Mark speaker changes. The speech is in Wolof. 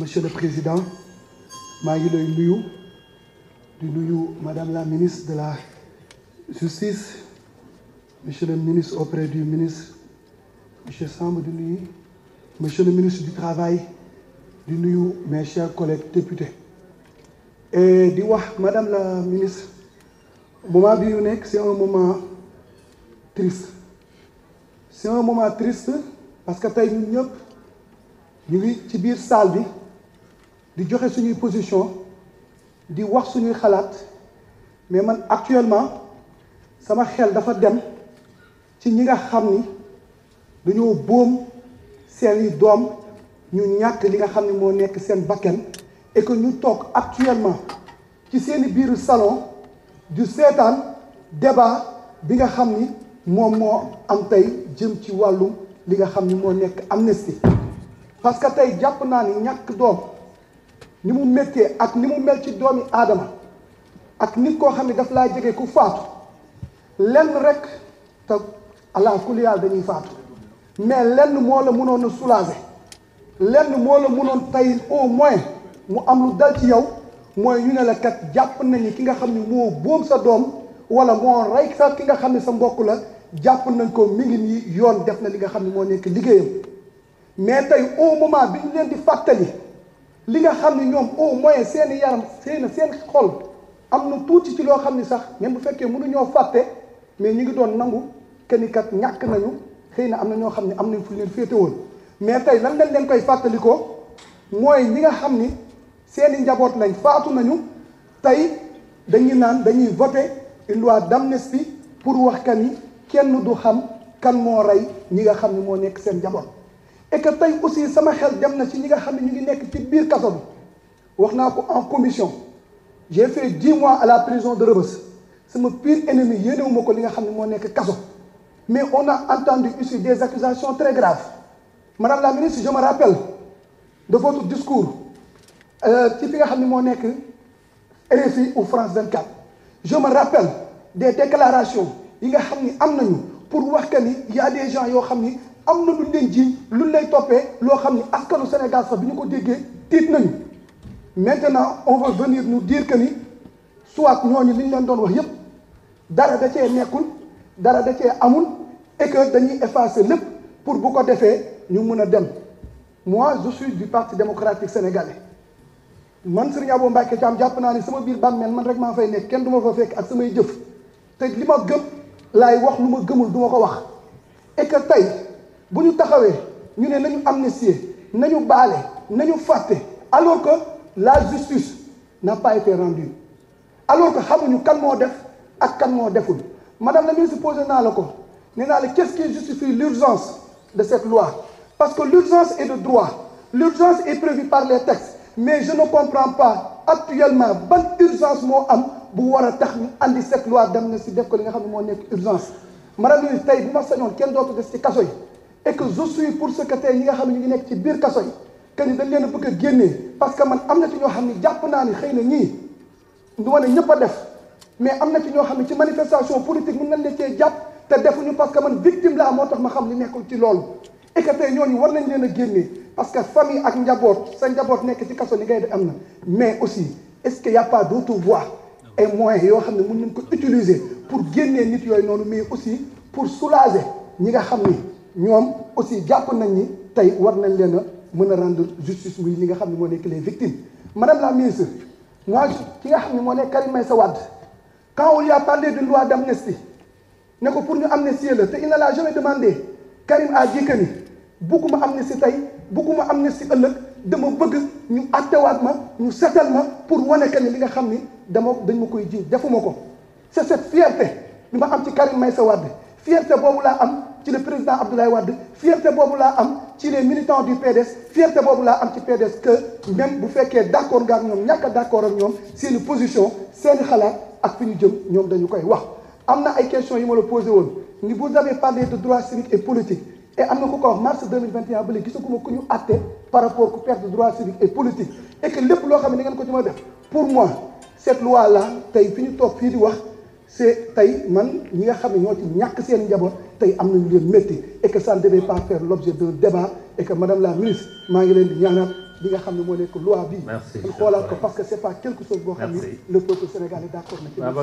Speaker 1: monsieur le président madame la ministre de la justice monsieur le ministre auprès du ministre monsieur Samba, di nuyu monsieur le ministre du travail nuyu mes chers collègues députés et di moi madame la ministre moment bi c'est un moment triste c'est un moment triste parce que nous, nous ñëpp ñu salle di joxe suñuy position di wax suñuy xalaat mais man actuellement sama xel dafa dem ci ñi nga dañoo boom seeni doom ñu ñàkk li nga xam ni nekk et que ñu toog actuellement ci seeni biiru salon du seetaan débat bi nga xam ni moom am tey jëm ci li nga parce que tey ni mu méttee ak ni mu mel ci doomi aadama ak nit koo xam ne daf laa jege ku faatu lenn rek te allah kulli yàlla dañuy faatu mais lenn moo la mënoon a soulager lenn moo la mënoon tey au moins mu am lu dal ci yow mooy ñu ne la kat jàpp nañu ki nga xam ne moo boom sa doom wala moo rey sa ki nga xam ne sa mbokk la jàpp nañ ko mi ngi nii yoon def na li nga xam ne moo nekk liggéeyam mais tey au moment bi ñu leen di fàttali. li nga xam ni ñoom au moins seen yaram seen seen xol am na tuuti ci loo xam ni sax même bu fekkee mënuñoo fàtte mais ñu ngi doon nangu kenikat ñàkk nañu xëy na am na ñoo xam ne am nañ fu ñu féete woon mais tey lan lañ leen koy fàttalikoo mooy ñi nga xam ni seeni njaboot nañ faatu nañu tey dañuy naan dañuy voter une loi d'amnistie pour wax kan ni kenn du xam kan moo rey ñi nga xam ni moo nekk seen njaboot et que tey aussi sama xel dem na ci ñi nga xamni ñu ngi nekk ci biir kasso bi ko en commission j'ai fait dix mois à la prison de Rebeuss sama pire ennemi yéenewuma ko li nga xamni mo nekk kasso mais on a entendu ici des accusations très graves madame la ministre je me rappelle de votre discours euh, ci fi nga xamni mo nekk RFI ou France 24 je me rappelle des déclarations yi nga xamni ni am nañu pour wax que ni y a des gens yo xamni am na luñ leen ji luñ lay toppee lo xamni ni askanu Sénégal sax biñu ko déggé tit nañu maintenant on va venir nous dire que ni soit ñoñu li ñu leen doon wax yépp dara da cee nekkul dara da cee amul et que dañuy effacer lépp pour bu ko defee ñu mën a dem moi je suis du parti démocratique sénégalais man Serigne Abou Mbacké Thiam jàpp naa ni sama biir bàmmeel man rek maa fay nekk kenn du ma fa fekk ak samay jëf te li ma gëm laay wax lu ma gëmul du ma ko wax et que tey bu ñu taxawee ñu ne nañu amnistier nañu baale nañu fàtte alors que la justice n'a pas été rendue alors que xamuñu kan moo def ak kan moo deful madame la ministre posé naa la ko qu'est-ce qui justifie l'urgence de cette loi parce que l'urgence est de droit l'urgence est prévue par les textes mais je ne comprends pas actuellement ban urgence moo am bu war a tax ñu andi cette loi d'amnistie def ko li ne urgence madame la ministre tey bu ma sañoon kenn dootu des ci et que je suis pour secrétaire yi nga xamni ne ñu nekk ci bir kasso yi que ni dañ leen bëgg a parce que man amna ci ño xamni japp jàpp naa ni xëy na du wone ñëpp def mais amna ci ño xamni ci manifestation politique mën nañ leen ci japp te defuñu parce que man victime la moo tax ma xam li nekkul ci lool et que tey ñooñu war nañ leen a parce que famille ak njaboot sa njaboot nekk ci kasso ni ngay di am mais aussi est-ce qu'il y a pas d'autre voie et moyens yo xamni mën nañ ko utiliser pour génnee nit yoy nonu mais aussi pour soulager ñi nga xamni ñoom aussi jàpp nañ ni tey war nañ leen a mën a rendre justice muy li nga xam ne moo nekk les victimes madame la ministre moi ki nga xam ne moo nekk Karim Meïssa Wade quand on lui a parlé d'une loi d'amnistie ne ko pour ñu amnistier la te il ne l'a jamais demandé Karim a dit que ni bugguma amnistie tey bugguma amnistie ëllëg dama bëgg ñu attewaat ma ñu setal ma pour wane que ni li nga xam ni dama dañ ma koy jii defuma ko c'est cette fierté bi ma am ci Karim Meïssa Wade fierté boobu laa am ci le président Abdoulaye Wade fierté bobu la am ci les militants du PDS fierté bobu la am ci PDS que même bu féké d'accord accord nga ak ñoom ñàkk a d' accord ak ñoom position c'est xalaat ak fiñu jëm ñom dañu koy wax. amna ay questions yi ma la posé ni vous avez parlé de droit civique et politique et amna ko ko mars 2021 ba léegi gisaguma ku ñu atté par rapport ku perte droit civique et politique et que lepp lo xamni ngeen ko ci ma def pour moi cette loi là tay fiñu ñu fi di wax c'est tay man ñi nga xamni ne ñoo ci ñàkk seen njaboot et que ça ne devait pas faire l'objet d'un débat et que madame la ministre maa ngi di loi parce que c'est pas quelque chose que le peuple sénégalais d'accord